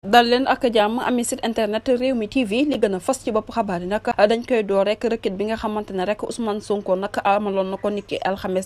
dal leen ak jàmm ami site internet réew mi tv li gën a fas ci bopp xabaar yi nag dañ koy door rek rëkkit bi nga xamante ne rek Ousmane Sonko nag amaloon na ko nit ki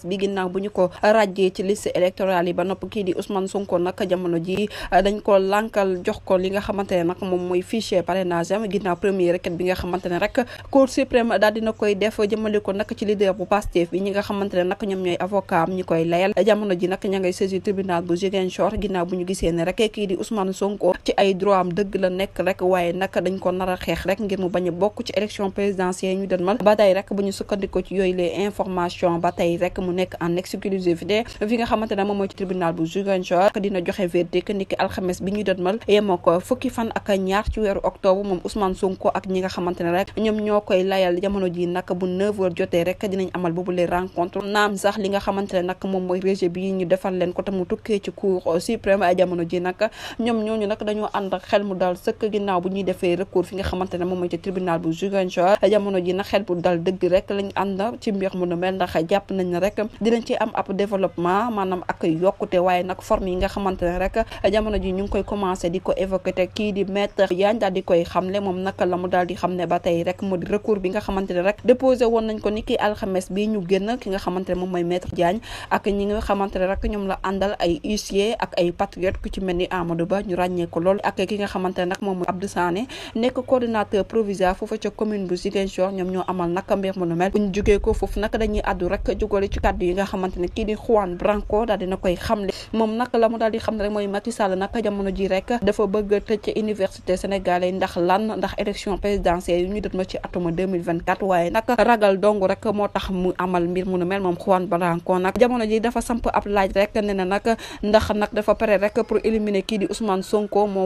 bi ginnaaw bu ñu ko ràjjee ci liste électorale yi ba nopp kii di Ousmane Sonko nag jamono ji dañ ko lankal jox ko li nga xamante ne nag moom mooy fichier parrainage am ginnaaw premier rëkkit bi nga xamante ne rek cour suprême daal dina koy def jëmale ko nag ci leader bu Pastef bi ñi nga xamante ne nag ñoom ñooy avocat am ñi koy layal jamono ji nag ña ngay saisir tribunal bu Ziguinchor ginnaaw bu ñu gisee ne rek kii di Ousmane Sonko ci ay droit am nekk rek waaye naka dañ ko nar a xeex rek ngir mu bañ a bokk ci élection présidentielle ñu dënmal ba tey rek bu ñu ci yooyu les information ba rek mu nekk en bi ñu dënmal yemoo ko fukki fan ak ñaar ci weeru octobre moom Ousmane Sonko ak ñi nga xamante rek ñoom ñoo ñu defal leen ànd ak xel mu dal sëkk ginnaaw bu ñuy defee recours fi nga xamante ne moom mooy ci tribunal bu Ziguinchor jamono ji nag xel bu dal dëgg rek lañ ànd ci mbir mu nu mel ndax jàpp nañ ne rek dinañ ci am ab développement maanaam ak yokkute waaye nag forme yi nga xamante ne rek jamono ji ñu ngi koy commencé di ko évoqué kii di maître yaañ daal di koy xamle moom nag la mu daal di xam ne ba tey rek moo di recours bi nga xamante ne rek déposé woon nañ ko ni ki alxames bi ñu génn ki nga xamante ne moom mooy maître Diagne ak ñi nga xamante ne rek ñoom la àndal ay huissier ak ay patriote ku ci mel ni Amadou Ba ñu ràññee lool ak ki nga xamante ne moom mooy Abdou Sané nekk coordinateur provisoire foofu ca commune bu Ziguinchor ñoom ñoo amal nag mbir mu nu mel bu ñu ko foofu nag dañuy àddu rek jugale ci kàddu yi nga xamante ne kii di Branco daal dina koy xamle moom nag la mu daal di xam ne rek mooy Macky Sall nag ji rek dafa bëgg a tëj université sénégalais ndax lan ndax élection présidentielle yi ñu dët ma ci atuma 2024 waaye nag ragal dong rek moo tax mu amal mbir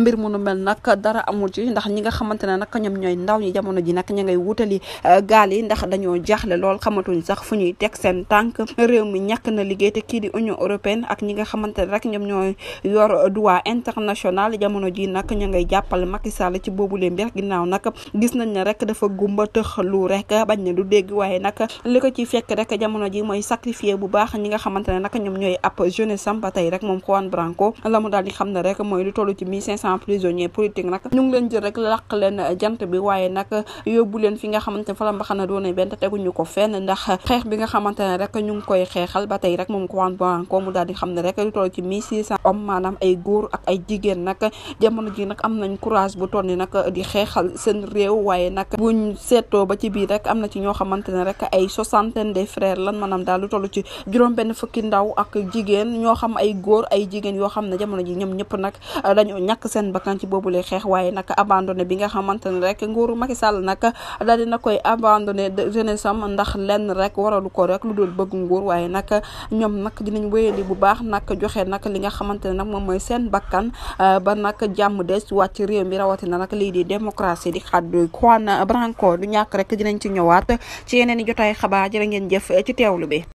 mbir mu nu mel nag dara amul ci ndax ñi nga xamante ne nag ñoom ñooy ndaw ñi jamono ji nag ña ngay wutali euh, gaal yi ndax dañoo jaaxle lool xamatuñ sax fu ñuy teg seen tànk réew mi ñak na liggéey te kii di union européenne ak ñi nga xamante ne rek ñoom ñooy yor droit international jamono ji nag ña ngay jàppale Macky Sall ci boobu leen mbir ginnaaw nag gis nañ ne rek dafa gumba tëx lu rek bañ ne du dégg waaye nag li ko ci fekk rek jamono ji mooy sacrifier bu baax ñi nga xamante ne nag ñoom ñooy ab jeunesse am ba tey rek moom Juan Branco la mu daal di xam ne rek mooy lu toll ci 500 prisonniers politiques nag ñu ngi leen jël rek làq leen jant bi waaye nag yóbbu leen fi nga xamante fa la mbaxana doone benn teguñu ko fenn ndax xeex bi nga xamante ne rek ñu ngi koy xeexal ba tey rek moom ko Juan Branco mu daal di xam ne rek lu toll ci 1600 hommes maanaam ay góor ak ay jigéen nag jamono ji nag am nañ courage bu toll ni nag di xeexal seen réew waaye nag buñ seeto ba ci biir rek am na ci ñoo xamante ne rek ay soixantaine de frères lan maanaam daal lu toll ci juróom benn fukki ndaw ak jigéen ñoo xam ay góor ay jigéen yoo xam ne jamono ji ñoom ñëpp nag dañoo ñàkk seen bakkan ci boobule xeex waaye nag abandonné bi nga xamante ne rek nguuru Macky Sall nag daal dina koy abandonné jeunesse am ndax lenn rek waralu ko rek lu dul bëgg nguur waaye nag ñoom nag dinañ wéyali bu baax nag joxe nak li nga xamante ne nag moom mooy seen bakkan euh, ba nag jàmm des ci réew mi rawatina nag lii di démocratie di xaddu Juan Branco du ñàkk rek dinañ ci ñëwaat ci yeneen i jotaay xabaar jërë ngeen jëf ci teewlu bi.